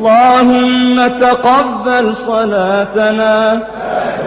اللهم تقبل صلاتنا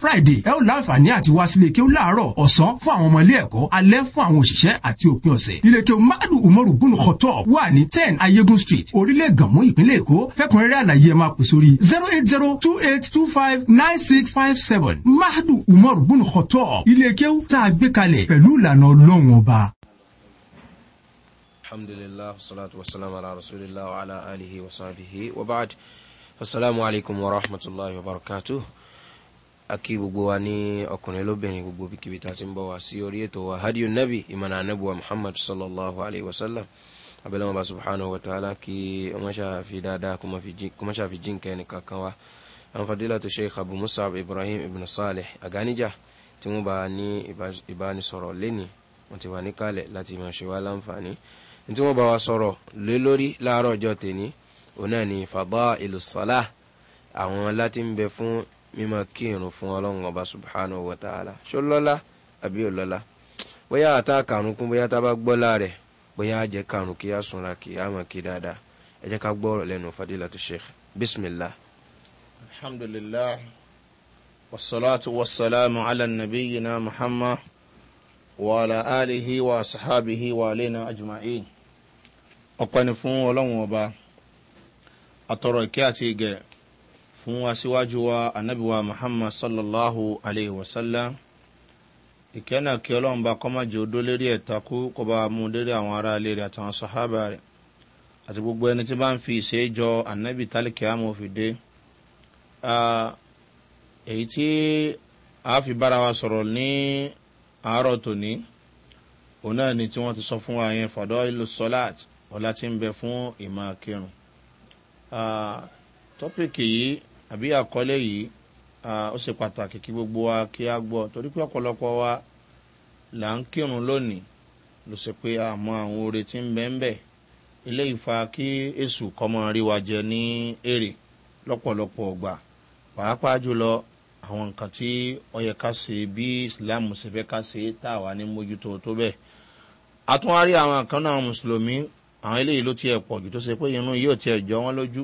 friday ẹ ó láǹfààní àti wá sílé kí ó láàárọ̀ ọ̀sán fún àwọn ọmọ ilé ẹ̀kọ́ alẹ́ fún àwọn òṣìṣẹ́ àti òpin ọ̀sẹ̀ ilé kí o madu umaru bunu kọtọ wà ní ten ayégun street orílẹ̀ gànmú ìpínlẹ̀ èkó fẹ́kùnrẹ́rẹ́ àlàyé ẹ máa pè sórí zero eight zero two eight two five nine six five seven madu umaru bunu kọtọ ilé kí ó tá a gbé kalẹ̀ pẹ̀lú ìlànà ọlọ́run ọba. alhamdulilah salatu wasalaam ala rasulillah wa ala alihi wa sahbihi wa baad asalaamualeykum wa rahmatulahi wa barakatuh aki gbogbo wa ní ọkùnrin lóbìnrin gbogbo bíkíbi tá a ti ń bọ̀ wá sí orí ètò wa hadiyu nabi ìmọ̀nà anabuwa muhammad sallallahu alayhi wa sallam abẹ́lẹ́ wọn bá subhanahu wa ta'ala kí wọ́n ṣàfi dáadáa kó má ṣàfi jíǹkẹ́ nìkan kan wá anfadila tó ṣe abu musab ibrahim ibn saleh aganija tí wọ́n bá ní ìbánisọ̀rọ̀ lẹ́ni wọ́n ti wà níkàlẹ̀ láti máa ṣe wá láǹfààní tí wọ́n bá wa sọ̀rọ̀ lé lórí láàárọ̀ ọjọ́ tèmi òun náà ni fàbá ìlú sọ́lá àwọn láti ń bẹ fún mímọ kí irun fún ọlọ́run ọba subhanahu wa ta'ala ṣó lọ́lá àbí ò lọ́lá bóyá àtà kàrún kún bóyá tá a bá gbọ́lá rẹ̀ bóyá á jẹ́ kàrún kí á sunra kí á mọ̀ kí dáadáa ẹ jẹ́ ká gbọ́ ọ̀rọ̀ lẹ́nu fadilatu sheikh bisimilah. alhamdulillah wasalaatu wasalaamu ala nabiyina muhammad wa ala alihi wa sahabihi wa alena ajma'in. ọ̀pẹ́ni fún ọlọ́run ọba àtọ̀rọ̀ ìkẹ́ àti ìgẹ̀ fún aṣíwájú wa anábìwa muhammad sallallahu alayhi wa sallam ìkẹ́nà kí ọlọ́run bá kọ́májò dó lérí ẹ̀takú kó bá mú lérí àwọn ará ilé rẹ̀ àtàwọn sàhábà rẹ̀ àti gbogbo ẹni tí bá ń fi ìṣèjọ anábì tálíkì amòfìdé èyí tí a fi bára wa sọ̀rọ̀ ní àárọ̀ tòní òun náà ni tí wọ́n ti sọ fún wa yẹn fọ̀dọ́ ìlú sọ́láàt ọ̀la ti ń bẹ fún ìmọ̀ akérùn tọ́pìkì yìí àbí àkọlé yìí ó ṣe pàtàkì kí gbogbo wa kí a gbọ́ torí pé ọ̀pọ̀lọpọ̀ wa là ń kírun lónìí ló ṣe pé àmọ́ àwọn oore tí ń bẹ́ ń bẹ̀ ilé ìfa kí èṣù kọ́mọ rí wa jẹ ní èrè lọ́pọ̀lọpọ̀ ọgbà pàápàá jùlọ àwọn nǹkan tí ó yẹ ká ṣe bí islam ṣe fẹ́ ká ṣe tá a wà ní mójútó tó bẹ́ẹ̀ àtúnwárí àwọn kan náà mùsùlùmí àwọn eléyìí ló tiẹ̀ pọ̀ jù tó ṣe pé irun yóò tiẹ̀ jọ wọ́n lójú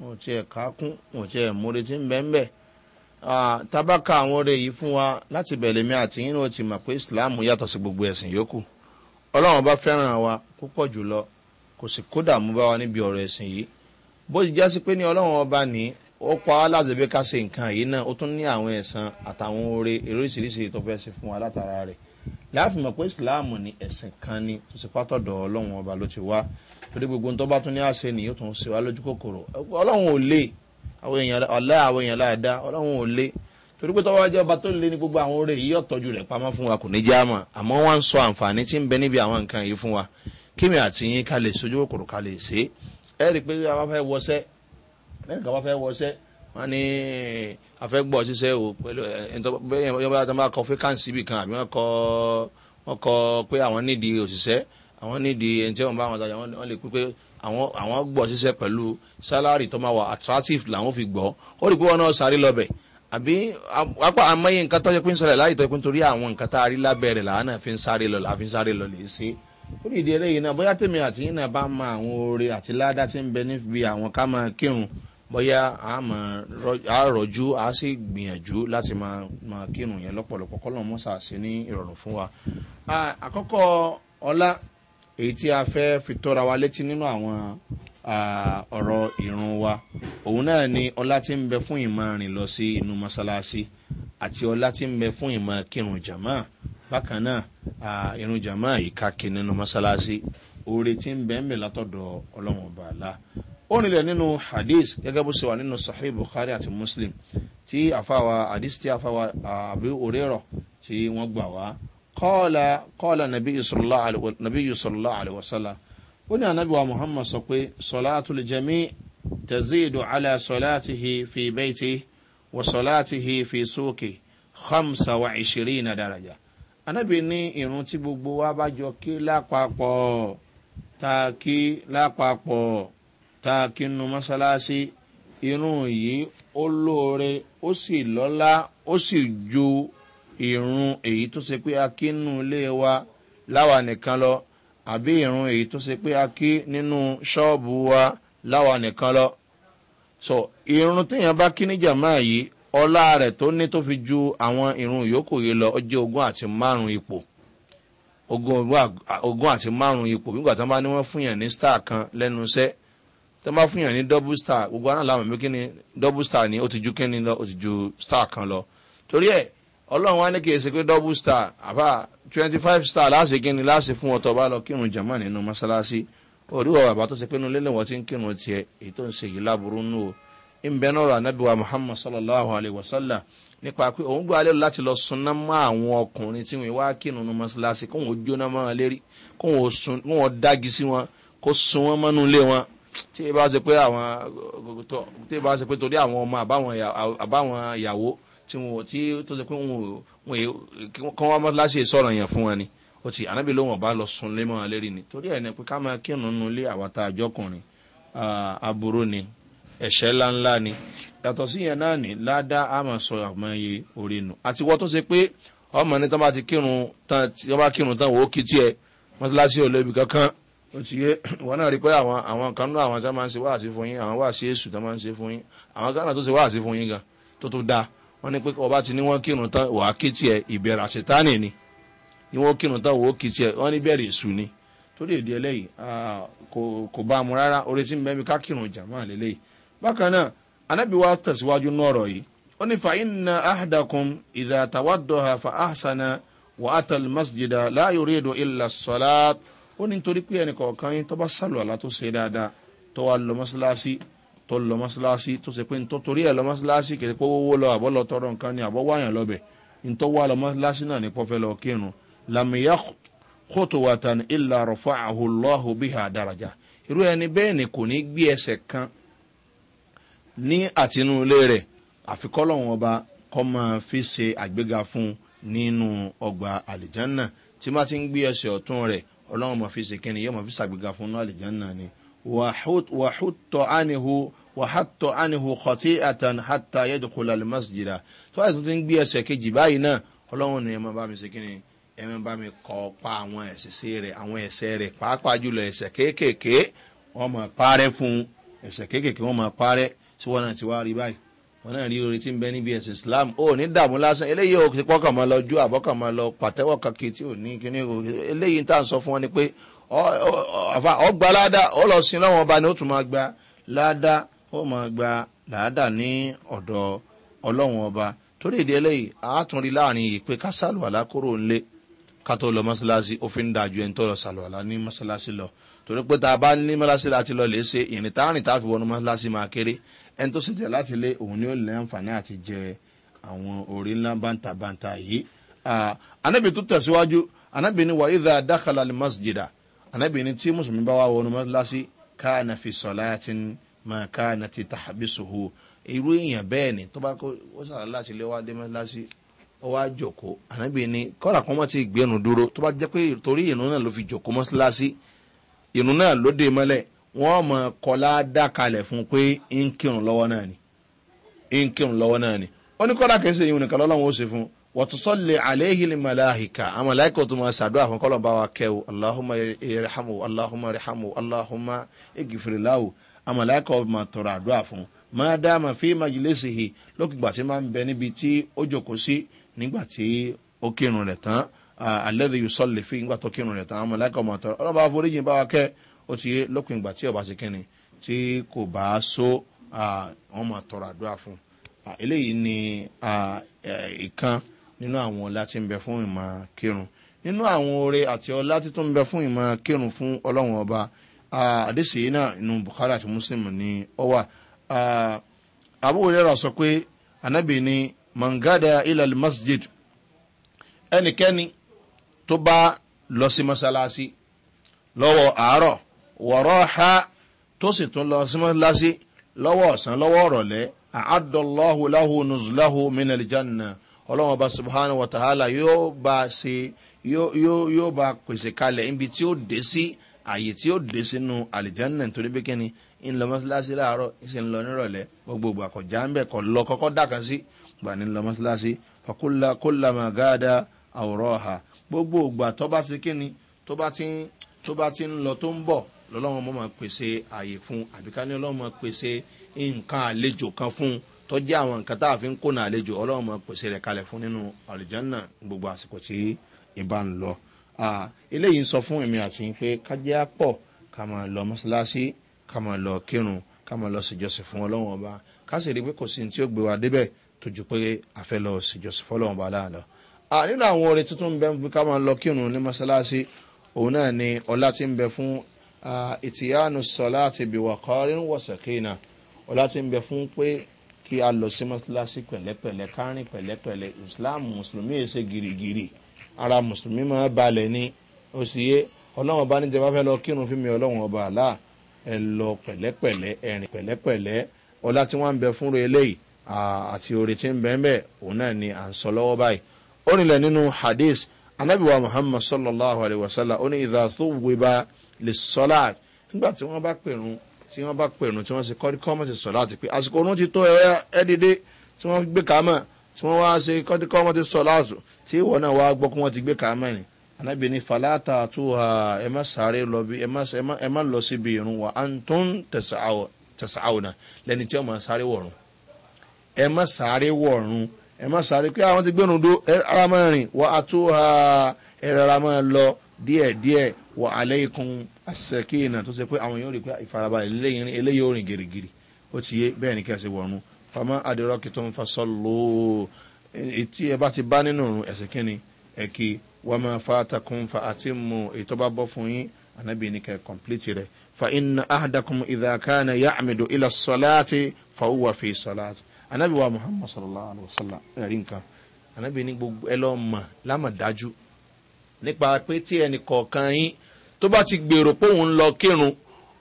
wọn ò tiẹ̀ kákún wọn ò tiẹ̀ múre tí ń bẹ́ ń bẹ́ tabaka àwọn ọ̀rẹ́ yìí fún wa láti bẹ̀rẹ̀ mi àti yín ó ti mọ̀ pé islam yàtọ̀ sí gbogbo ẹ̀sìn yòókù ọlọ́run bá fẹ́ràn wa púpọ̀ jùlọ kò sì kódà mú bá wa níbi ọ̀rọ̀ ẹ̀sìn yìí bó ti já pé ní ọlọ́run ọba ní ó pa á láti bí ká ṣe nǹkan yìí náà ó tún ní àwọn ẹ̀sán àtàwọn oore oríṣiríṣi tó fẹ́ ṣe fún wa látara rẹ̀ láàfin mọ̀ pé islam ní ẹ̀sìn kan ni tó sì pátọ̀dọ̀ ọlọ́run ọba ló ti wá torí gbogbo ń tọ́ba tún ní àṣẹ nìyí ó tún ṣe wá lójú kòkòrò ọlọ́run ò lè àwọn èèyàn ọ̀lẹ́ àwọn èèyàn láàdá ọlọ́run ò lè torí pé tọ́wọ́ jẹ́ ọba tó lé ní gbogbo àwọn oore yìí ọ̀tọ́jú rẹ̀ pamọ́ fún wa kò ní já mọ́ àmọ́ wọ́n ń sọ àǹfààní tí ń bẹ níbi àwọn nǹkan yìí fún wa kíni àti yín ká lè sojú kòkòrò ká lè ṣe é rí i pé a fẹ́ wọṣẹ́ bẹ́ẹ̀ nìkan bá fẹ́ wọṣẹ́ wọ́n ní afẹ́gbọ́ ṣiṣẹ́ o pẹ̀lú ẹ̀ńtọ́ bá kọ àwọn nídìí ẹni tí wọ́n bá wọn tajà wọ́n lè pípé àwọn àwọn gbọ́ ṣiṣẹ́ pẹ̀lú tó máa wà attractive làwọn fi gbọ́ ó rí pé wọn náà sáré lọ́bẹ̀ àbí apá àmọ́yé nǹkan tó yẹ pé ń sọ̀rọ̀ láyé tó yẹ pé nítorí àwọn nǹkan tá a rí lábẹ́ rẹ̀ làwọn náà fi ń sáré lọ làwọn fi ń sáré lọ lè ṣe ó rí ìdí eléyìí náà bóyá tèmi àti yín náà bá mọ àwọn oore àti ládá tí ń bẹ níbi àwọn ká máa kírun bóyá a rọjú a sì gbìyànjú láti máa kírun yẹn lọ́pọ̀lọpọ̀ kọ́lọ́ mọ́sà sí ní ìrọ̀rùn fún wa. àkọ́kọ́ ọlá èyí tí a fẹ́ fi tọ́ra wa létí nínú àwọn ọ̀rọ̀ ìrún wa òun náà ni ọlá tí ń bẹ fún ìmọ̀ rìn lọ sí inú mọ́sálásí àti ọlá tí ń bẹ fún ìmọ̀ kírun jàmọ́ bákan náà irun jàmọ́ ìkàkì nínú mọ́sálásí oore tí ń bẹ ń bẹ látọ̀dọ̀ ọlọ́run bàálà ó nílẹ̀ nínú hadith gẹ́gẹ́ bó ṣe wà nínú sahih bukhari àti muslim tí àfàwà hadith tí àfàwà àbí òrérọ̀ tí wọ́n gbà wá kọ́ọ̀lá kọ́ọ̀lá nàbí yusọ̀lá àlùwọ̀sọ́lá ó ní ànábìwá muhammad sọ pé sọlá àtúlẹ̀jẹ̀mí tẹ̀síìdù alẹ́ sọlá àtìhì fi bẹ́ẹ̀tì wọ sọlá àtìhì fi sókè hamsa wa ìṣirí na daraja. ànábì ní irun tí gbogbo wa bá jọ kí lápapọ̀ tá a kí lápapọ̀ tá a kí nu mọ́sálásí irun yìí ó lóore ó sì lọ́lá ó sì ju ìrun èyí tó ṣe pé a kí nínú ilé wa láwa nìkan lọ àbí ìrun èyí tó ṣe pé a kí nínú ṣọ́ọ̀bù wa láwa nìkan lọ. so ìrun téèyàn bá kí ní jàmá yìí ọlá rẹ̀ tó ní tó fi ju àwọn ìrun yòókù yìí lọ ó ogún àti márùn ipò ogún àti márùn ipò nígbà tó bá ní wọ́n fún ní star kan lẹ́nu iṣẹ́ tó bá fún ní double star gbogbo aná làwọn mi kí ni double star ni ó ti ju kí ni lọ ó ti ju star kan lọ torí ẹ̀ ọlọ́run wá ní kìí ṣe pé double star àbá twenty five star láti gíní láti fún ọtọ bá lọ kírun jama nínú mọ́ṣáláṣí oríwọ̀ bàbá tó ṣe pé nílé lẹ́wọ̀n ti ń kírun tiẹ̀ èyí tó ń ṣe yìí láburú nù o ìbẹ́nu ọ̀rọ̀ anábìwá muhammad sallallahu alayhi wa sallam nípa pé òun gbọ́ alẹ́ láti lọ sunná mọ́ àwọn ọkùnrin tí wọ́n wá kírun nínú mọ́ṣáláṣí kóun ó jóná mọ́ wọn lérí kóun ó dági sí wọn kó sun wọn mọ́nú ilé wọn tí ì bá ṣe tí wọn ò tí tó ṣe pé wọn kọ́ wọn mọ́tíláṣí sọ̀rọ̀ yẹn fún wọn ni ó ti ànábì ló wọn bá lọ sun lé mọ́ wọn lérí ni torí ẹ̀ ní pé ká máa kírun nu ilé àwọn tá aburú ni ẹ̀ṣẹ́ ńláńlá ni yàtọ̀ sí yẹn náà ni ládá a máa sọ àmọye orí nu àti wọ́n tó ṣe pé ọmọ ní tán bá ti kírun tán tí wọ́n bá kírun tán wò ó kí tiẹ̀ mọ́tíláṣí ò lébi kankan ó ti yé wọn náà rí pé àwọn àwọn kan náà àwọn tí wọ́n máa ń ṣe wáàsí fún yín àwọn wáàsí èṣù tí wọ́n máa ń ṣe fún yín àwọn kan náà tó ṣe wáàsí fún yín gan tó tó dáa wọ́n ní pé ọba ti ní wọ́n kírun tán wàá kí tiẹ̀ ìbẹ̀rẹ̀ àṣetánì ni ni wọ́n kírun tán wọ́n kí tiẹ̀ wọ́n ní bẹ̀rẹ̀ èṣù ni torí èdè eléyìí kò bá mu rárá orí tí ká kírun jàmá lélẹ́yìí bákan náà anábìwá tẹ̀síwájú náà ọ̀rọ̀ yìí ó ní fàáyínà àhàdàkùn ìdá àtàwádọ́ha fa àṣàna wà á tẹ̀lé masjidà láàyò rédò ìlà sọ́lá ó ní nítorí pé ẹnì kọ̀ọ̀kan yín tó bá sálọ̀ àlá tó ṣe dáadáa tó wà lọ mọ́ṣáláṣí tó lọ mọ́ṣáláṣí tó ṣe pé nítorí torí ẹ̀ lọ mọ́ṣáláṣí kì í pé owó lọ àbọ̀ lọ tọrọ nǹkan ni àbọ̀ wáyàn lọ́bẹ̀ nítorí wà lọ mọ́ṣáláṣí náà ní pọ́fẹ́ lọ kírun làmìyá kóòtù wàtàn ìlà rọ̀fà àhùlọ́hù bíhà dàrájà irú ẹni bẹ́ẹ̀ ni kò ní gbé ẹsẹ̀ kan ní àtinúlé rẹ̀ àfikọ́lọ́hún ọba kọ́ máa fi ṣe àgbéga fún nínú ọgbà àlìjánná tí má ti ń gbé ẹsẹ̀ ọ̀tún rẹ̀ ọlọ́run máa fi ṣe kíni yóò máa fi ṣàgbéga fún nínú àlìjánná ni وحط عنه وحط عنه خطيئة حتى يدخل المسجد tó àìsàn ti ń gbé ẹsẹ̀ kejì báyìí náà ọlọ́run ni ẹ máa bá mi ṣe kíni ẹ máa bá mi kọ́ pa àwọn ẹ̀ṣẹ̀ rẹ̀ àwọn ẹ̀ṣẹ̀ rẹ̀ pàápàá jùlọ ẹ̀ṣẹ̀ kéékèèké wọ́n máa parẹ́ fún ẹ̀ṣẹ̀ kéékèèké wọ́n máa parẹ́ sí wọn náà ti wá rí báyìí wọn náà rí orin tí ń bẹ níbi ẹ̀sìn islam ó ní dààmú lásán eléyìí ò ti pọ́kàn máa lọ ju àbọ́kàn máa lọ pàtẹ́wọ̀ kankan tí ò ní kíní eléyìí tá à ń sọ fún wọn ni pé ọgbà ládà ó lọ sí lọ́wọ́ ọba ni ó tún máa gba ládà ó máa gba ládà ní ọ̀dọ̀ ọlọ́wọ́n ọba torí ìdí eléyìí àátúnrí láàrin yìí pé ká sàlùwàlá kúrò ńlé ká tó lọ mọ́ṣáláṣí ó fi ń dájú ẹni tó lọ sàlùwàlá ní mọ́ṣáláṣí lọ torí pé tá a bá ní mọ́ṣáláṣí láti lọ lè ìrìn táàrin tá a fi wọnú mọ́ṣáláṣí máa kéré ẹni tó sì jẹ láti lé òun ni ó lẹ́ àǹfààní àti jẹ àwọn orí ńlá bàǹtàbàǹtà yìí. anábì tó tẹ̀síwájú anábì ni wàhídà dákàlà masjidà anábìnrin tí mùsùlùmí bá wà wọnú mọ́sálásí káàna fi sọ̀lá ti mọ̀ káàna ti tàbí sòwò irú èèyàn bẹ́ẹ̀ ni tó bá kó ó sàrà láti lé wá dé mọ́sálásí ó wá jòkó anábìnrin kọ́ra kan mọ́ ti gbẹ́nu dúró tó bá jẹ́ pé torí ìrún náà ló fi jòkó mọ́sálásí ìrún náà ló dé mọ́lẹ̀ wọ́n mọ̀ kọ́lá dákalẹ̀ fún pé ń kírun lọ́wọ́ náà ni ń kírun lọ́wọ́ náà ni ó ní kọ́ra kẹsẹ̀ ìhun nìkan lọ́lọ́run ó ṣe fún un wàtúsọ̀lẹ̀ àléhìn màláhìkà àwọn màláhìkà tó máa ṣàdúrà fún kọ́lọ̀ bá wa kẹ́wò aláhùmá ìrẹ́hàmù aláhùmá ìrẹ́hàmù aláhùmá ìgìfìrìláwò àwọn màláhìkà máa tọrọ àdúrà fún máa dá máa fi máa jìlẹ̀ sí i lókùgbà tí máa ń bẹ níbi tí ó jòkó sí nígbà tí ó kírun rẹ̀ tán alẹ́dẹ̀ yóò sọ̀lẹ̀ fi nígbà tó kírun rẹ̀ tán àwọn màláhìkà máa tọrọ ọlọ́ba nínú àwọn ọlá tí ń bẹ fún ìmọ̀ kírun nínú àwọn oore àti ọlá tí tó ń bẹ fún ìmọ̀ kírun fún ọlọ́run ọba àdéṣe yìí náà inú bukhari àti muslim ni ọ wà abúwòrẹ́rà sọ pé anábì ni mangada ilal masjid ẹnikẹ́ni tó bá lọ sí masalasi lọ́wọ́ àárọ̀ wọ̀rọ̀ ha tó sì tún lọ sí masalasi lọ́wọ́ ọ̀sán lọ́wọ́ ọ̀rọ̀lẹ́ àádọ́láhùláhù nùzùláhù mínàlìjánà ọlọ́run ọba subhanahu wa ta'ala yóò bá ṣe yóò bá pèsè kalẹ̀ ibi tí ó dé sí àyè tí ó dé sínú àlìjánná nítorí pé kíni ń lọ mọ́sálásí láàárọ̀ ṣe ń lọ nírọ̀lẹ́ gbogbo àkọ́já ń bẹ̀ kọ́ lọ kọ́kọ́ dàkà sí gbà ní lọ mọ́sálásí kólàmà gáàdà àwòrán ọ̀hà gbogbo ògbà tó bá ti kíni tó bá ti ń lọ tó ń bọ̀ lọ́lọ́run ọmọ máa pèsè àyè fún àbíká ọlọ́run máa pèsè nǹkan àlejò kan fún un tọ́jú àwọn nǹkan tá a fi ń kónà àlejò ọlọ́run mọ̀ pèsè rẹ̀ kalẹ̀ fún nínú àlìjánná gbogbo àsìkò tí ìbá ń lọ. eléyìí ń sọ fún èmi àti yín pé kájẹ́ á pọ̀ ká máa lọ mọ́ṣáláṣí ká máa lọ kírun ká máa lọ síjọsìn fún ọlọ́run ọba ká sì rí i pé kò sí ní tí ó gbé wa débẹ̀ tó ju pé a fẹ́ lọ síjọsìn fún ọlọ́run ọba láàlọ́. nínú àwọn orin tuntun ń bẹ fún ká máa lọ kírun ní mọ́ṣáláṣí kí a lọ sí mọ́tíláṣí pẹ̀lẹ́pẹ̀lẹ́ kárìn pẹ̀lẹ́pẹ̀lẹ́ islam mùsùlùmí èsè gìrìgìrì ara mùsùlùmí máa balẹ̀ ni ó sì yé ọlọ́wọ́n bá níjẹ́ bá fẹ́ lọ kírun fún mi ọlọ́wọ́n ọba àlá ẹ lọ pẹ̀lẹ́pẹ̀lẹ́ ẹ̀rìn pẹ̀lẹ́pẹ̀lẹ́ ọlá tí wọ́n ń bẹ fúnra eléyìí àti oore tí ń bẹ́ẹ̀ bẹ́ẹ̀ òun náà ni à ń sọ lọ́wọ́ báyìí ó nílẹ̀ tí wọ́n bá pèrò tí wọ́n ṣe kọ́ kọ́mọ̀tì sọ̀ láti pé àsìkò oorun ti tó ẹ́ẹ́dédé tí wọ́n gbé kàámọ̀ tí wọ́n wá ṣe kọ́mọ̀tì sọ̀ láàtò tí ìwọ náà wá gbọ́ kí wọ́n ti gbé kàámọ̀ ni anábì ní falata tó ha ẹ má sáré lọ bí ẹ má lọ síbi irun wa à ń tó náà lẹ́ni tí wọ́n máa sáré wọ̀run ẹ má sáré wọ̀run ẹ má sáré pé àwọn ah, ti gbẹ́nu dó ara ẹ asẹ́kìnà tó ṣe pé àwọn yóò rí pé ìfarabalẹ̀ lẹ́yìn eléyìí orin gírígírí ó ti yé bẹ́ẹ̀ ni kí a ṣe wọ̀nù fama adirọ́kì tó ń fa sọ́lọ́ etí ẹ bá ti bá nínú òrùn ẹ̀sìn kínni ẹ̀kí wọ́n máa fa takùn fa àti mu ètò bọ́ fún yín ànábì ní kẹ́ kọ̀m̀plìtì rẹ̀ fa iná ahadakum ìdàkánà yá àmìdò ilà sọ́láàtì fa ó fi sọ́láàtì ànábì wa muhammad sallallahu alayhi wa sallam ẹ̀rí nǹkan ànábì ní gbogbo ẹ lámàdájú nípa pé tí ẹnì kọ̀ọ̀kan yín tó bá ti gbèrò pé òun lọ kírun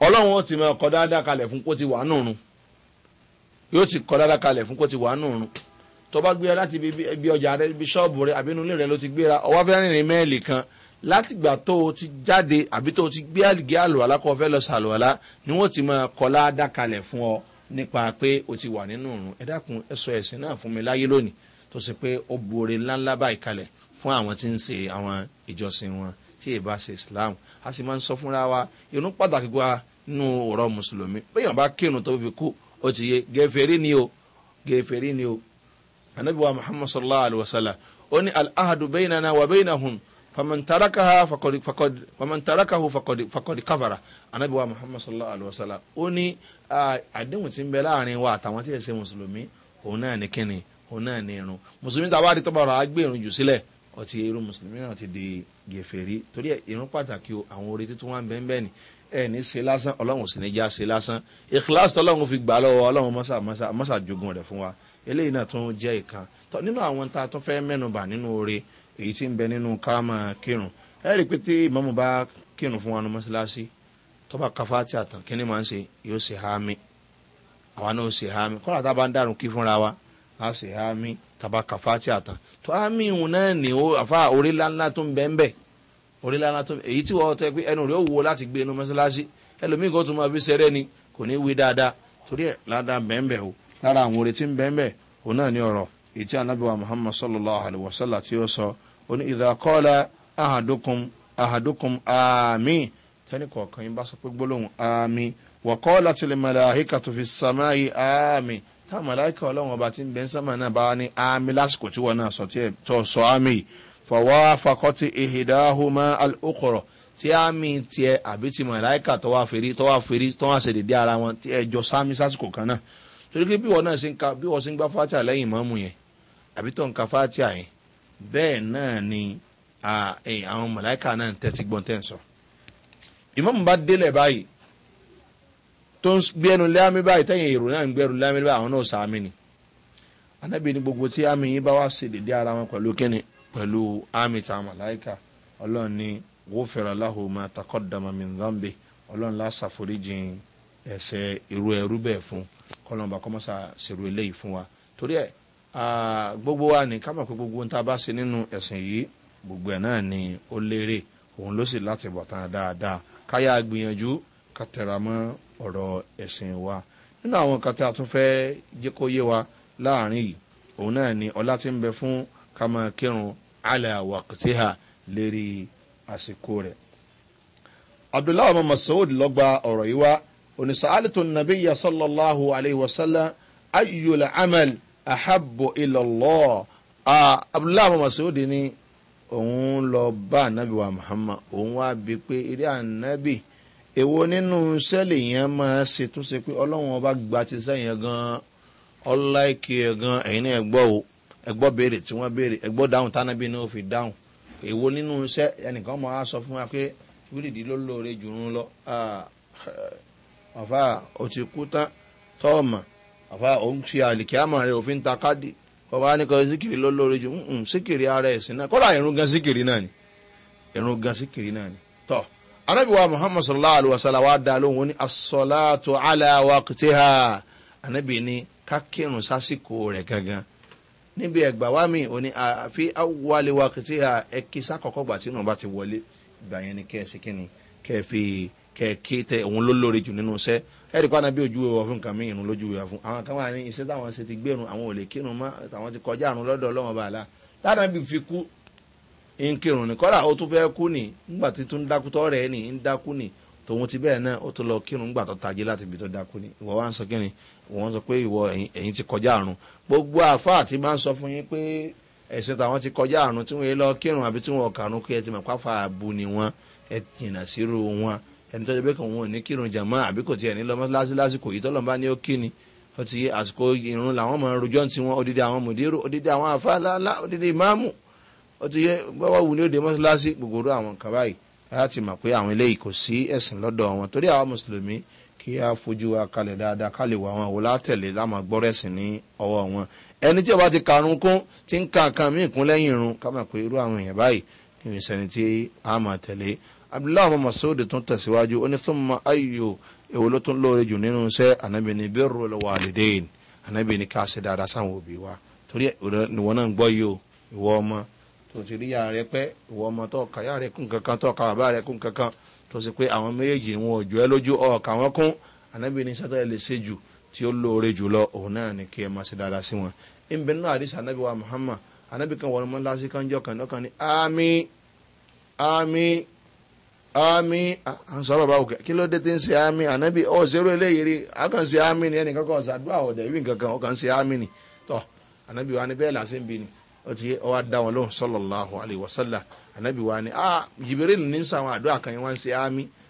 ọlọ́run ó ti máa kọ dáadáa kalẹ̀ fún kó ti wà nùrùn yóò ti kọ dáadáa kalẹ̀ fún kó ti wà nùrùn tó bá gbéra e láti ibi ọjà rẹ ibi ṣọ́ọ̀bù rẹ àbí inú ilé rẹ ló ti gbéra ọwọ́ fẹ́ rìnrìn mẹ́ẹ̀lì kan látìgbà tó o ti jáde àbí tó o ti gbé àlùgé àlùwàlá kó o fẹ́ lọ sàlùwàlá ni wọ́n ti máa kọ dáadáa kalẹ̀ fún ọ nípa pé o ti wà nínú òrùn ẹ dákun ẹ sọ náà fún mi láyé lónìí tó ṣe pé ó bu ńláńlá báyìí kalẹ̀ fún àwọn tí ń ṣe àwọn ìjọsìn wọn tí ì bá ṣe islam a sì máa ń sọ fúnra wa inú pàtàkì wa nínú ọ̀rọ̀ mùsùlùmí bẹ́yàn bá kírun tó fi kú ó ti yé gẹ̀fẹ̀rí ni o gẹ̀fẹ̀rí ni o anabiwa muhammad sallallahu alaihi wa sallam ó ní al'ahadu bẹ́yìn náà wà bẹ́yìn náà hùn famantarakahu fakọdi kafara anabiwa muhammad sallallahu alaihi wa sallam ó ní àdéhùn tí ń bẹ láàrin wa àtàwọn tí ì ṣe mùsùlùmí òun náà ní kíni òun náà ní irun mùsùlùmí tàbá rí tọ́bọ̀rọ̀ agbèrún jù sílẹ̀ ọtí irú mùsùlùmí náà ti di gèfèrí torí ẹ irun pàtàkì o àwọn orí títún wà ń ni ẹ ní ṣe lásán ọlọ́run sì ní já ṣe lásán ìkíláàsì ọlọ́run fi gbà lọ́wọ́ ọlọ́run mọ́sà mọ́sà mọ́sà jogun rẹ̀ fún wa eléyìí náà tún jẹ́ ìkan nínú àwọn tá a tún fẹ́ mẹ́nuba nínú oore èyí tí ń bẹ nínú ká máa kírun ẹ rí i pé tí ìmọ̀mù bá kírun fún wa ní mọ́ṣáláṣí tó bá kafa tí a máa ń ṣe yóò ṣe hámi àwa náà ṣe hámi kọ́lá tá tàbá ka fatia tán tó àmì ìhun náà ní àfa orí ńláńlá tó ń bẹ́ ń bẹ́ orí ńláńlá tó ń bẹ́ èyí tí wọ́n tẹ́ pé ẹnu rẹ̀ ó wo láti gbé inú mọ́ṣáláṣí ẹlòmíì kan tó máa fi ṣeré ni kò ní wí dáadáa torí ẹ̀ ládàá bẹ́ẹ̀nbẹ́ o lára àwọn orí tí ń bẹ́ẹ̀nbẹ́ òun náà ní ọ̀rọ̀ èyí tí anábìwá muhammad sallallahu alayhi wa sallam tí ó sọ ó ní ìdàkọ́lá ahadukum ahadukum ami tẹ́ni kọ̀ọ̀kan yín bá sọ pé gbólóhùn ami wọ̀kọ́lá fi sàmáyé ami táwọn mọ̀láìkà ọlọ́run ọba tí ń bẹ ń sánmà náà bá wá ní àmì lásìkò tí wọn náà sọ tí ẹ tó sọ àmì fọwọ́ fakọ́tì ìhìdáhùmá alukọ̀rọ̀ tí àmì tiẹ̀ àbí ti mọ̀láìkà tó wá fèrè tó wá fèrè tó wá ṣèlè dé ara wọn tí ẹ jọ sámi sásìkò kan náà torí pé bí wọn náà ṣe ń ka bí wọn ṣe ń gbá fátíà lẹ́yìn mọ́mù yẹn àbí tó ń ka fátíà yẹn bẹ́ẹ̀ náà ni tó ń gbẹnu lámì báyìí tẹ́yìn èrò náà ń gbẹnu lámì báyìí àwọn náà sàmì ni anábì ní gbogbo tí àmì yín bá wá sí dédé ara wọn pẹ̀lú kíni pẹ̀lú àmì tá màláìka ọlọ́run ní wọ́fẹ̀rẹ̀ aláhùn máa takọ́ dàmà mí nzambe ọlọ́run lásà foríjìn ẹ̀sẹ̀ irú ẹrú bẹ́ẹ̀ fún kọ́lọ́n bá kọ́mọ́sà ṣèrú eléyìí fún wa torí ẹ̀ gbogbo wa ní kámọ̀ pé gbogbo tá bá ṣe nínú ẹ̀sìn yìí gbogbo ẹ̀ náà ni ó lérè òun ló sì láti bọ̀ tán dáadáa káyà gbìyànjú kàtẹ́ra mọ́ ọ̀rọ̀ ẹ̀sìn wa nínú àwọn kan tí a tún fẹ́ jẹ́ kó yé wa láàrin yìí òun náà ni ọlá ti ń bẹ fún ká máa kírun alẹ́ àwàkùtìhà lérí àsìkò rẹ̀. abdullahi ọmọ masoud lọ́gba ọ̀rọ̀ yìí wá onísàálìtò nàbí ya sallallahu alayhi wa sallam ayyul amal ahabbo ilallah abdullahi ọmọ masoud ni òun lọ bá anabi wa muhammad òun wá bi pé eré anabi èwo nínú sẹ́ẹ̀lì yẹn máa ṣe tó ṣe pé ọlọ́run ọba gba ti sẹ́yìn gan ọláìkì gan ẹ̀yin náà ẹgbọ́ o ẹgbọ́ béèrè tí wọ́n béèrè ẹgbọ́ dáhùn tánàbí ni ó fi dáhùn èwo nínú sẹ́ ẹnìkan máa sọ fún wa pé wíìlìdì ló lóore jù ú lọ àfa ò ti kú tán tọ́ọ̀mà àfa ò ń fi àlìkí àmà rẹ̀ òfin ta káàdì ọba nìkan síkìrì ló lóore jù síkìrì ara ẹ̀sìn náà kọ́lá arábìwá muhammad sallallahu alayhi wa sallam wa dá lóhun ní asọ́láàtò aláwàkìtìhà anábì ní kákírun sásìkò rẹ̀ gangan níbi ẹgbà wá mi ò ní àfi awàlẹ̀wàkìtìhà ẹkí sákọ̀kọ́ gbà tí náà ti wọlé ìgbà yẹn ni kẹ́ẹ̀sì kínni kẹ́ẹ̀fì kẹ́ẹ̀kí tẹ òun ló lóore jù nínú iṣẹ́ ẹ̀rí pa anábì ojú wa fún kàmí ìrún lójú wa fún àwọn kan wà ní iṣẹ́ táwọn ṣe ti gbẹ̀rún àwọn ò lè kírun mọ́ àwọn ti kọjá àrùn lọ́dọ̀ ọlọ́wọ́n bàálà lánàá nkírun ní kọ́dà ó tún fẹ́ kú ní nígbà tí tún dákútọ́ rẹ̀ ní ń dákú ní tòun ti bẹ́ẹ̀ náà ó tún lọ kírun nígbà tó tají láti ibi tó dákú ní ìwọ wá ń sọ kíni ìwọ ń sọ pé ìwọ ẹ̀yìn ti kọjá àrùn gbogbo àfa àti máa ń sọ fún yín pé ẹ̀sìn tàwọn ti kọjá àrùn tí wọ́n lọ kírun àbí tí wọ́n kàrún kí ẹ ti mọ̀ pàfà bu ni wọ́n ẹ jìnà sírú wọn ẹni tọ́jú bẹ́ẹ̀ kàn wọ́n ní ní ó ti yẹ báwa wù ní òde mọ́ṣáláṣí gbogbo àwọn nǹkan báyìí láti mọ̀ pé àwọn eléyìí kò sí ẹ̀sìn lọ́dọ̀ wọn torí àwọn mùsùlùmí kí a fojú wa kalẹ̀ dáadáa ká lè wà wọn wò látẹ̀lé láwọn gbọ́rọ̀ ẹ̀sìn ní ọwọ́ wọn ẹni tí ọba ti karùn kún ti ń ka nǹkan míì kún lẹ́yìn irun ká mọ̀ pé irú àwọn èèyàn báyìí kì í sẹni tí a máa tẹ̀lé abdullahi ọmọ masoodi tún tó ti rí yàrá rẹ pẹ́ ìwọ ọmọ tó ọ̀ka yàrá rẹ kún kankan tó ọ̀ka bàbá rẹ kún kankan tó sì pé àwọn méjèèjì wọn òjò ẹ lójú ọ̀ọ̀ka wọn kún ànábì ní sátọ́ ẹ lè ṣe jù tí ó lóore jù lọ òun náà ni kí ẹ máa ṣe dáadáa sí wọn. ìbẹ náà àdìsí ànábì wa muhammad ànábì kan wọnú mọ́láṣí kanjọ́ kan lọ́kàn ní àmì àmì àmì àǹsọ́ bàbá òkè kí ló dé tí ń ṣe àmì ànábì ọ̀ zero eléyìí rí akàn ṣe ami ni ẹnì kankan ọ̀sàdúrà ọ̀dẹ̀ ìwé nǹkan kan ọ̀kàn ni tọ́ ànábì wa ni ni ọtí ọwọ́ adá wọn lóhùn sọlọ́láhùn alẹ́ wọ́sálà anabi wa ni a ah, jìbìrì ní sàn àwọn àdúrà kan yẹn wá ń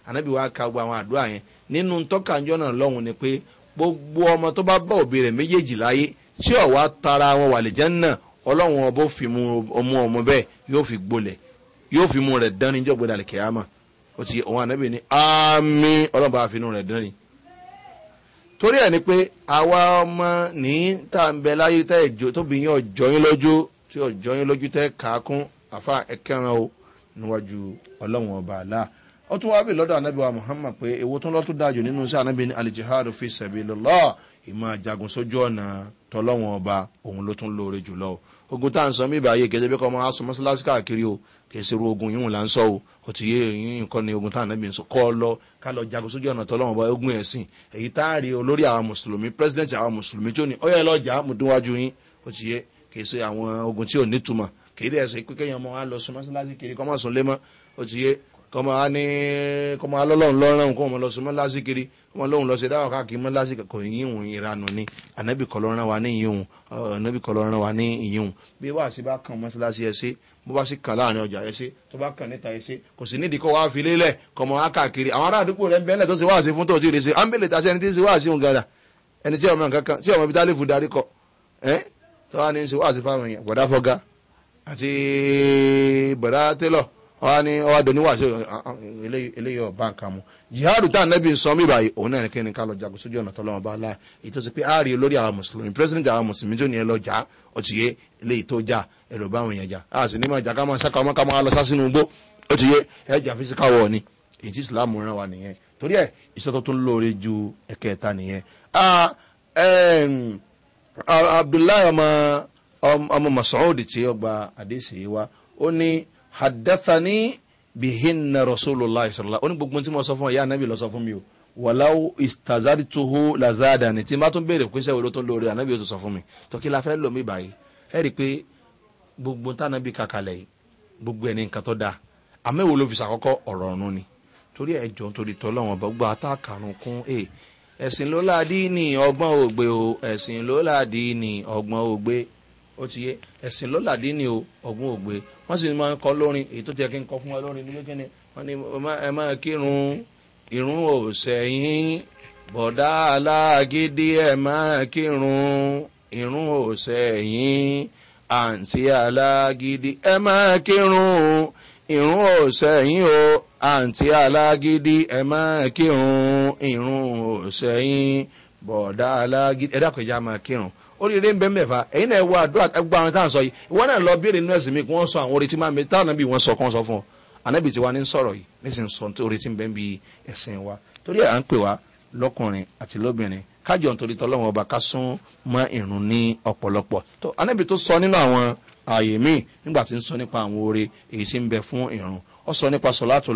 anabi wa ka gbogbo àwọn àdúrà yẹn nínú tọ́kànjọ́ náà lọ́hùn ni pé gbogbo ọmọ tó bá bá òbí rẹ̀ méjèèjì láyé tí ọ̀wá tara wọn wà lẹ́jẹ̀ náà ọlọ́run ọba ó fi mu ọmọ ọmọ bẹ́ẹ̀ yóò fi gbolẹ̀ yóò fi rẹ̀ dán ní jọ́gbọ́n dàlẹ́ kẹ́hámà ó ti òun ànábì ní bá fi rẹ̀ dán ni. torí ẹ̀ ni pé àwa ọmọ ní tá à ń bẹ lọ́jọ́ tí ọjọ́ yín lójú tẹ́ kàákún àfa ẹ̀kẹ́ran o níwájú ọlọ́run ọba àlá ó tún wáá bè lọ́dọ̀ anábì wa muhammad pé èwo tó lọ́tún dájú nínú sí anábì ní alijihad fi sẹ̀bi lọ́lọ́ ìmọ̀ àjàgùn sójú ọ̀nà tọ́lọ́wọ̀n ọba òun ló tún lóore jùlọ o ogun tá à ń sọ mí ìbáyé kẹsẹ́ bí kò máa sọ mọ́sálásí káàkiri o kẹsẹ́ ru ogun yíwọ̀n là ń sọ o ó ti yé yín nǹkan ní ogun tá à ń sọ kọ́ lọ ká lọ jagun sójú ọ̀nà tọ́lọ́wọ̀n ọba ogun ẹ̀sìn èyí tá à rí olórí àwọn mùsùlùmí pírẹsidẹ́ǹtì àwọn mùsùlùmí tó ní ọ̀yẹ́ lọ́jà mùdúnwájú yín ó ti yé kì í ṣe àwọn ogun tí ò nítumọ̀ kì í dẹ̀ ṣe pé kéèyàn máa lọ sún mọ́ṣáláṣí kiri kọ́ máa sùn lé mọ́ ó ti yé kọ́ máa ní kọ́ máa lọ́lọ́run lọ́rùn kọ́ máa lọ sún mọ́ṣáláṣí kiri kọ́ máa lóhun lọ ṣe dáwọ́ káàkiri mọ́ṣáláṣí kò yíhun ìranù ni ànábì kọ́ lọ́rùn wa ní ìyíhun ànábì kọ́ lọ́rùn wa ní ìyíhun bí wàá sí bá kan mọ́ṣáláṣí ẹ ṣe bó bá sì kàn láàrin ọjà ẹ tó bá kàn níta ẹ kò sí nídìí kọ́ wàá fi lélẹ̀ kọ́ máa káàkiri àwọn ará àdúgbò rẹ̀ ń bẹ́ẹ̀lẹ̀ tó ṣe wáàsí fún tó ti rè ṣe ámbélé ta ẹni tí ń ṣe wáàsí òun gàdà ẹni tí ọmọ ibi tálífù darí kọ ẹ́ tọ́wá ní ṣe wáàsí fáwọn èèyàn bọ̀dá fọ́gá àti bọ̀dá télọ̀ ọ̀há ní ọwá dọ̀ níwáàsí eléyìí ọ̀bá mu jihadu tá nẹ́bí ń sọ mí báyìí òun náà kí ni ká lọ jagun sójú ọ̀nà tọ́lọ́mọ bá láà èyí tó ti pé àárí olórí àwọn mùsùlùmí pírẹsidẹ́ntì àwọn mùsùlùmí tó ní ẹ lọ jà ó ti yé eléyìí tó jà ẹ̀rọ bá àwọn èèyàn jà á sì ní máa jà ká máa sáka ọmọ ká máa lọ sásínú igbó ó ti yé ẹ jà fisika wọ̀ ni èyí tí ìsìlámù ràn wá nìyẹn torí abdullahi ọmọ ọmọ masoodi tí ó gba àdéhìsì yìí wá ó ní hadathani bihinna rasulillah sallallahu ó ní gbogbo tí mo sọ fún ọ ìyá anabi lọ sọ fún mi o wàláwù ìtàzárìtuhu lazada ni tí n bá tún béèrè pé sẹ́wọ́n ló tún lórí anabi ó tún sọ fún mi tọ́kí la fẹ́ lò mí báyìí ẹ rí i pé gbogbo tánàbí kàkàlẹ̀ yìí gbogbo ẹni nǹkan tó dáa àmọ́ èwo ló ọ̀rọ̀ ọ̀run ni torí ẹ̀jọ̀ nítorí tọ́lọ́wọ́n bá gbọ́ àtàkàrùn kún ẹ̀ eh, ẹ̀sìn ló láàdí ní ọgbọ́n ògbé o ẹ̀sìn ló láàdí ní ọgbọ́n ògbé ó ti yé ẹ̀sìn ló láàdí ní ọgbọ́n ògbé wọ́n sì máa ń kọ́ lórin èyí tó ti yẹ kí n kọ́ fún wa lórin nílé kíni wọ́n ní ẹ máa kírun irun òsẹ̀yìn bọ̀dá alágídí ẹ máa kírun irun òsẹ̀yìn àǹtí alágídí ẹ máa kírun ìrún òsẹ̀yìn o àǹtí alágídí ẹ máa kírun ìrún òsẹ̀yìn bọ̀dá alágídí ẹ dákun ìjà máa kírun oríire ń bẹ mẹ́fà ẹ̀yin náà wọ àdúrà ẹgbẹ́ àwọn táwọn sọ yìí ìwọ náà lọ béèrè nọ́ọ̀sì mi kí wọ́n sọ àwọn orí tí máa ń bẹ táwọn náà bí wọ́n sọ kán sọ fún ọ ànábì tí wa ní sọ̀rọ̀ yìí nísìnyí sọ orí tí ń bẹ bí ẹ̀sìn wa torí à ń pè wá lọ́kùnrin àti lóbìnrin kájọ nítorí tọ́lọ́wọ́n ọba ká sún mọ́ ìrùn ní ọ̀pọ̀lọpọ̀ tó ànábì tó sọ nínú àwọn ààyè míì nígbà tí ń sọ nípa àwọn oore èyí tí ń bẹ fún ìrùn ó sọ nípa sọlátù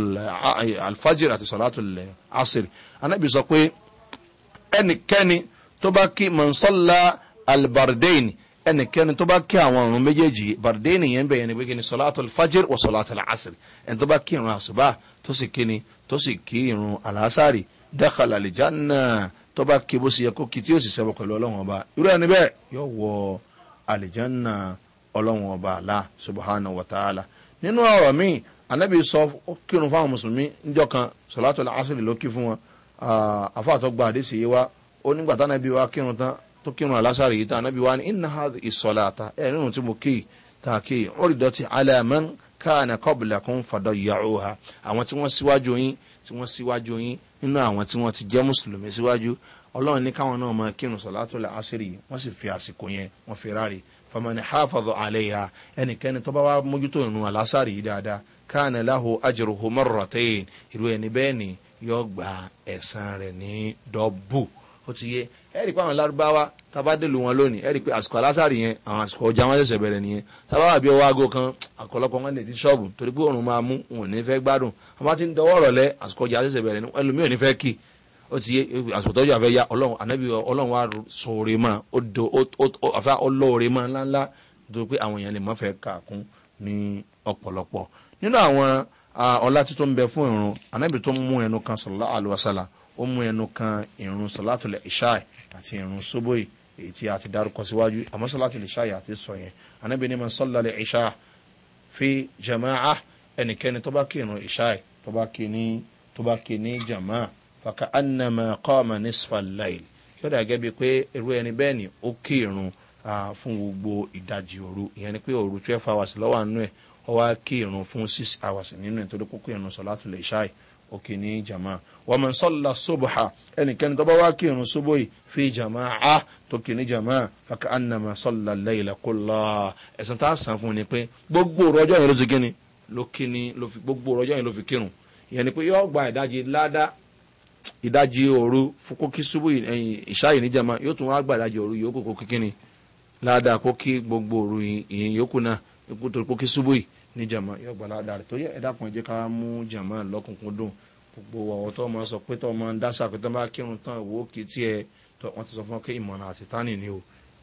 alfajir àti sọlátù asir anábì sọ pé ẹnikẹ́ni tó bá kí mọ̀nsọ́lá albardain ẹnikẹ́ni tó bá kí àwọn ọ̀run méjèèjì bardain yẹn bẹ̀yẹ̀ ni pé kí ni sọlátù alfajir wọ sọlátù asir ẹni tó bá kí ìrùn àṣùbà tó sì kí ni tó sì kí ìrùn alásàrì dákàlà tó bá kí bó ṣe yẹ kó kí tí yóò sì sẹ́wọ̀ pẹ̀lú ọlọ́run ọba irú ẹni bẹ́ẹ̀ yóò wọ àlìjánà ọlọ́run ọba àlá subahana wàtàlá nínú ọ̀rọ̀ míì anabi sọ kírun fáwọn mùsùlùmí ńjọ kan sọlátọ asìlè ló kí fún wọn àfàtọ gba àdéṣe yìí wá ó nígbà tá anabi wá kírun tán tó kírun alásàrè yìí tán anabi wá ní iná ìsọláta ẹ nínú tí mo kí i tá a kí i ó rí dọ́tí alẹ́mọ́n káàní kọ́bìlà kún fàdọ̀ yàrá ha àwọn tí wọ́n síwájú yín tí wọ́n síwájú yín nínú àwọn tí wọ́n ti jẹ́ mùsùlùmí síwájú ọlọ́run ní káwọn náà máa kírun sọlátọ asìlè yìí wọ́n sì fi àsìkò yẹn wọ́n fi ráre famani hafazu aleha ẹnikẹ́ni tó bá wá mójútó ìrún alásàrì yìí dáadáa káàní láhu ajiruhu mọ́rọ̀tẹ́yìn ìlú ẹni bẹ́ẹ̀ ni yóò gba ẹ̀sán rẹ̀ ní dọ́bù ó ti yé ẹ̀rí pé àwọn lárúbáwá tabadélu wọn lónìí ẹ̀rí pé àsìkò alásàrì yẹn àwọn àsìkò ọjà wọn ṣẹ̀ṣẹ̀ bẹ̀rẹ̀ nìyẹn tábàbà bí ọwọ́ aago kan àkọlọ́kọ wọn lè di torí pé òrùn máa mú òun ò ní fẹ́ gbádùn àwọn ti ń dọwọ́ rọ̀lẹ́ àsìkò ọjà ṣẹ̀ṣẹ̀ ni ẹlòmíì ò ní fẹ́ kí o ti yé àsìkò tọ́jú àfẹ́ ya ọlọ́run ànábì ọlọ́run wa sọ o mọ́ o o o àfẹ́ ọlọ́ọ̀rẹ́ mọ́ ńláńlá tó pé àwọn èèyàn lè mọ́ fẹ́ kàkún ní ọ̀pọ̀lọpọ̀ nínú àwọn ọlá tó ń bẹ fún ìrun ànábì tó mú ẹnu kan sọ̀lá àlùwàsálà ó mú ẹnu kan ìrun sọ̀lá tó lẹ̀ ìṣá àti ìrun sóbòyì èyí tí a ti dárúkọ síwájú àmọ́ sọ̀lá tó lè ṣáyà àti sọ yẹn ànábì ní ma sọ̀lá lẹ̀ ìṣá fi jama'a ẹnikẹ́ni tó bá kí ìrun ìṣá tó bá kí ní jama'a fàkà anamọ kọ́ọ̀mà nísfà láìl yóò dà gẹ́bi pé irú ẹni bẹ́ẹ̀ ni ó kírun fún gbogbo ìdajì òru ìyẹn ni pé òru twelve hours lọ́wọ́ àánú ẹ̀ ọ wá kírun fún six hours nínú ẹ̀ torí kókó ìrun sọ láti lè ṣáì òkè ní jama wọ́n sọ́la sóbùhà ẹnikẹ́ni tó bá wá kírun sóbò yìí fi jama á tókè ní jama fàkà anamọ sọ́la lẹ́yìn kó ẹ̀sán tá a sàn fún ni pé gbogbo rọjọ́ yẹn ló ti gé ni ló kí gbogbo rọjọ́ yẹn ló fi kírun ìyẹn ni pé yọ ìdajì òru fúnkó kí ṣubú ìṣáyè níjàmá yóò tún wá gbà ìdajì òru yòókù kó kíkíni ládàá kó kí gbogbo òru ìyìn yòókù náà torí kó kí ṣubú níjàmá yóò gbà ládàá rẹ̀ torí ẹ̀dá kan jẹ́ ká mú jàmá lọ́kùnkún dùn gbogbo àwọn tó máa sọ pé tó máa ń dáṣà pé tó máa kírun tán ìwò kì í tiẹ̀ tó wọ́n ti sọ fún ọ pé ìmọ̀ràn àti tánì ni o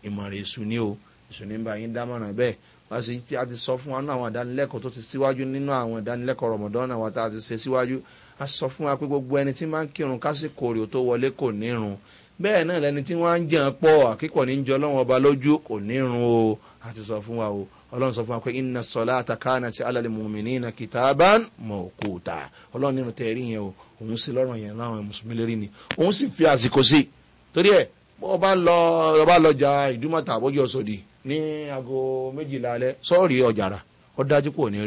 ìmọ̀ràn èṣù ni o èṣù ní bá dámọ̀ràn bẹ́ẹ̀ wá sí tí a ti sọ fún wa nínú àwọn ìdánilẹ́kọ̀ọ́ tó ti síwájú nínú àwọn ìdánilẹ́kọ̀ọ́ rọ̀mọ̀dọ́nà wa tá a ti ṣe síwájú a sọ fún wa pé gbogbo ẹni tí máa ń kírun kásìkò rè tó wọlé kò nírun bẹ́ẹ̀ náà lẹni tí wọ́n á ń jẹun pọ̀ àkíkọ̀ ní jọ lọ́wọ́ ọba lójú kò nírun o a ti sọ fún wa o ọlọ́run sọ fún wa pé iná sọlá àtàkánà ti alálẹ̀ mùmìnì iná kìtà bá mọ̀ kó ta ọlọ́run nínú tẹ̀rí yẹn o òun sì lọ́rùn yẹn láwọn mùsùlùmí lérí ni òun sì fi àsìkò sí torí ẹ̀ ọba lọ ọba lọjà ìdúmọ̀tà àbójú ọ̀sọ̀dì ní aago méjìlá alẹ́ ọ dájú pé ò ní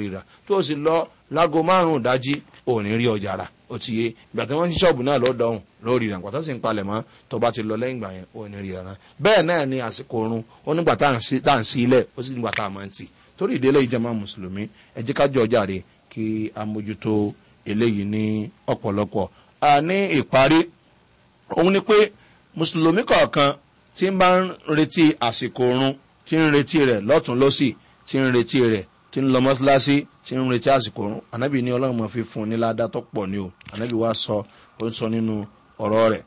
tó o sì lọ láago márùn-ún dájí ò ní rí ọjà rà ó ti yé ìgbà tí wọ́n ń ṣọ́ọ̀bù náà ló dọ̀hùn lórí ìrìn àpàtà sì ń palẹ̀ mọ́ tó bá ti lọ lẹ́yìn ìgbà yẹn ó ní ríra náà náà ni àsìkò oorun ó nígbà tá à ń sí ilẹ̀ ó sì nígbà tá à máa ń tì torí ìdílé ìjọba mùsùlùmí ẹ jẹ́ ká jọ jáde kí a mójútó eléyìí ní ọ̀pọ̀lọpọ̀ a ní ìparí òun ni pé mùsùlùmí kọ̀ọ̀kan tí ń bá ń retí àsìkò oorun tí ń retí rẹ̀ lọ́tún lọ́sì tí ń retí rẹ̀ tí ń lọ mọ́síláṣí tí ń retí àsìkò òrùn ànábì ní ọlọ́run máa fi fún un ní ládàá tó pọ̀ ní o ànábì wá sọ ó ń sọ nínú ọ̀rọ̀ rẹ̀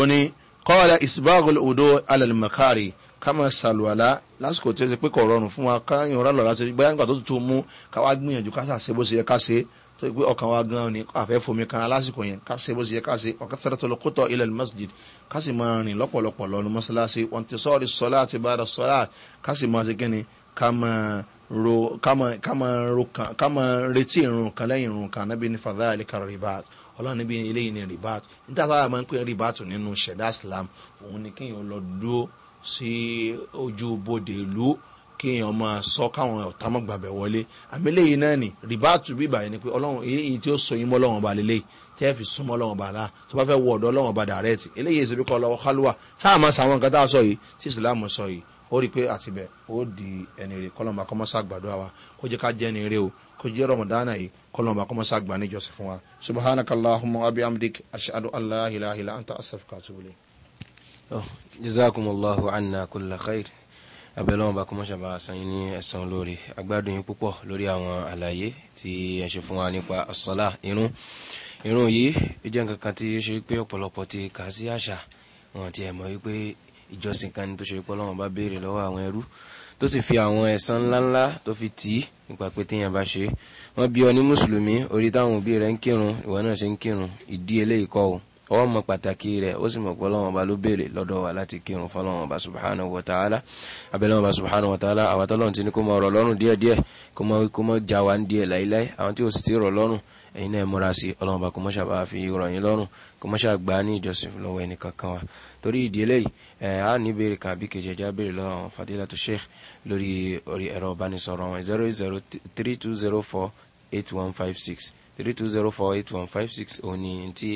ó ní kọ́ọ̀lá ìsìbáàgùn òdo alẹ́lẹ́mọ̀kárì ká máa ṣàlùwàlá lásìkò tí ó ṣe pé kọ̀ rọrùn fún wa ká yàn rà lọ́la ṣe bóyá nígbà tó tutù mú ká wá gbìyànjú ká ṣàṣe bó ṣe yẹ ká ṣe tó ṣe pé ọkàn wa gan ni àfẹ́ fomi kan lásìkò yẹn ká ṣe bó ṣe yẹ ká ṣe ọ̀kẹ́ fẹ́rẹ́ tó lọ kótó ilẹ̀ masjid ká sì máa rìn lọ́pọ̀lọpọ̀ lọ́nu mọ́ṣáláṣí wọn ti sọ́ọ̀rì sọ́lá àti bára sọ́lá ká sì máa ṣe kíni ká máa ro kama kama ro kan kama retí irun kan lẹ́yìn irun kan níbi ní fàdáyà lè kàrọ̀ ribat ọlọ́run níbi eléyìí ní ribat níta sábà máa ń pè ribat nínú ṣẹ̀dá islam òun ni kéèyàn lọ dúró sí ojú bodè ìlú kéèyàn máa sọ káwọn ọ̀tá mọ̀ gbàgbẹ́ wọlé àmì eléyìí náà ni ribat bí báyìí ni pé ọlọ́run èyí tí ó so yín mọ́ ọlọ́run ọba lélẹ́yìí tẹ́ ẹ fi súnmọ́ ọlọ́run ọba náà tó bá fẹ́ wọ ọ̀dọ́ ọlọ́run ọba dàrẹ́ẹ̀tì eléyìí ó rí i pé àtibẹ̀ ó di ẹni rè kọ́lọ́mà kọ́mọ́sá àgbàdo àwa kó jẹ́ ká jẹ́ ẹni rè o kó jẹ́ rọ̀mọ̀dánà yìí kọ́lọ́mà kọ́mọ́sá àgbà níjọsìn fún wa subhanakallahumma abiyamdik ashadu allah ilaha illa anta asafika atubule. Oh, jazakumullahu anna kulla khair abẹ́lọ́wọ́n bá kọ́mọ́sá bá sanyin ní ẹ̀sán lórí agbádùn yín púpọ̀ lórí àwọn àlàyé tí ẹ ṣe fún wa nípa ọ̀sọ́lá irun irun yìí jẹ́ nǹkan kan tí ó ṣe pé ọ̀pọ̀lọpọ̀ ti kà sí àṣà wọn ti ẹ̀ mọ̀ wípé ìjọsìn kan ní tó ṣe pé ọlọ́run bá béèrè lọ́wọ́ àwọn ẹrú tó sì fi àwọn ẹ̀san ńláńlá tó fi tì í nípa pé téèyàn bá ṣe wọ́n bí ọ ní mùsùlùmí orí táwọn òbí rẹ̀ ń kírun ìwọ náà ṣe ń kírun ìdí eléyìí kọ́ o ọwọ́ mọ pàtàkì rẹ̀ ó sì mọ̀ pé ọlọ́wọ́n ọba ló béèrè lọ́dọ̀ wa láti kírun fọlọ́wọ́n ọba subhanahu wa ta'ala abẹ́lẹ́wọ̀n ọba subhanahu wa ta'ala àwọn tọ́lọ́run ti ní kó mọ ọ̀rọ̀ lọ́rùn díẹ̀díẹ̀ kó mọ kó mọ já wa ń díẹ̀ láíláí àwọn tí ó sì ti rọ̀ lọ́rùn ẹ̀yin náà múra sí ọlọ́run ọba kó mọ́ ṣàbá fi rọ̀ yín lọ́rùn kó mọ́ ṣàgbá ní ìjọsìn lọ́wọ́ ẹnì kankan wa torí ìdí eléyìí ẹ̀ á ní béèrè kan àbí kejì ẹ̀já béèrè lọ́wọ́ àwọn fadilatu sheikh lórí orí ẹ̀rọ ìbánisọ̀rọ̀ wọn zero zero three two zero four eight one five six three two zero four eight one five six òní ti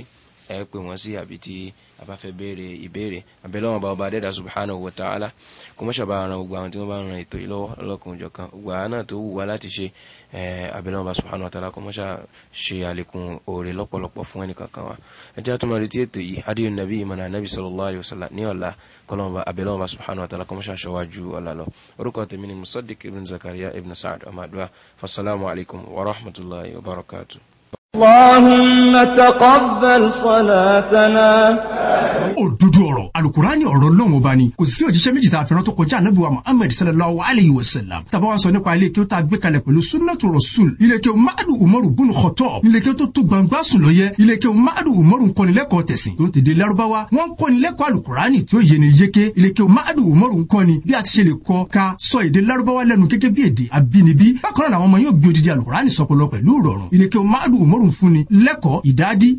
ẹ pè wọ́n sí àbí tí a bá fẹ́ béèrè ìbéèrè abẹ́lẹ́wọ̀n bá ọba adẹ́dà subhanahu wa ta'ala kó mọ́ṣàbá ran gbogbo àwọn tí wọ́n bá ran ètò yìí lọ́wọ́ ọlọ́kùnrin jọ̀kan gbogbo àwọn náà tó wù wá láti ṣe abẹ́lẹ́wọ̀n bá subhanahu wa ta'ala kó mọ́ṣà ṣe àlékún oore lọ́pọ̀lọpọ̀ fún ẹnì kankan wa ẹjẹ́ àtúmọ̀ retí ètò yìí adéyò nàbí ìmọ̀ nà nàbí sallallahu alayhi wa sallam ní ọ̀la abẹ́lẹ́wọ̀n اللهم تقبل صلاتنا òdodo ọ̀rọ̀ alukurani ọ̀rọ̀ lọ́wọ́ bá ni kò sí òjíṣẹ́ méjì tá a fẹ́ràn tó kọjá anabi wa muhammed sallallahu alayhi wa sallam tàbá wa sọ nípa ilé kí ó tá a gbé kalẹ̀ pẹ̀lú sunnatu rasul ilé kí o madu umaru bunu kọtọ ilé kí o tó tó gbangba sùn lọ yẹ ilé kí o madu umaru nkọ́nilẹ́kọ̀ọ́ tẹ̀sìn tó ń tẹ̀dé larubawa wọn kọ́nilẹ́kọ̀ọ́ alukurani tí ó yé ni yéké ilé kí o madu umaru nkọ́ni bí a ti ṣe lè kọ́ ka sọ èdè larubawa lẹ́nu gẹ́gẹ́ bí èdè abínibí bákan náà àwọn yóò bí odidi alukurani sọpọlọ pẹ̀lú ìrọ̀rùn ilé kí o madu umaru fúnni lẹ́kọ̀ọ́ ìdádi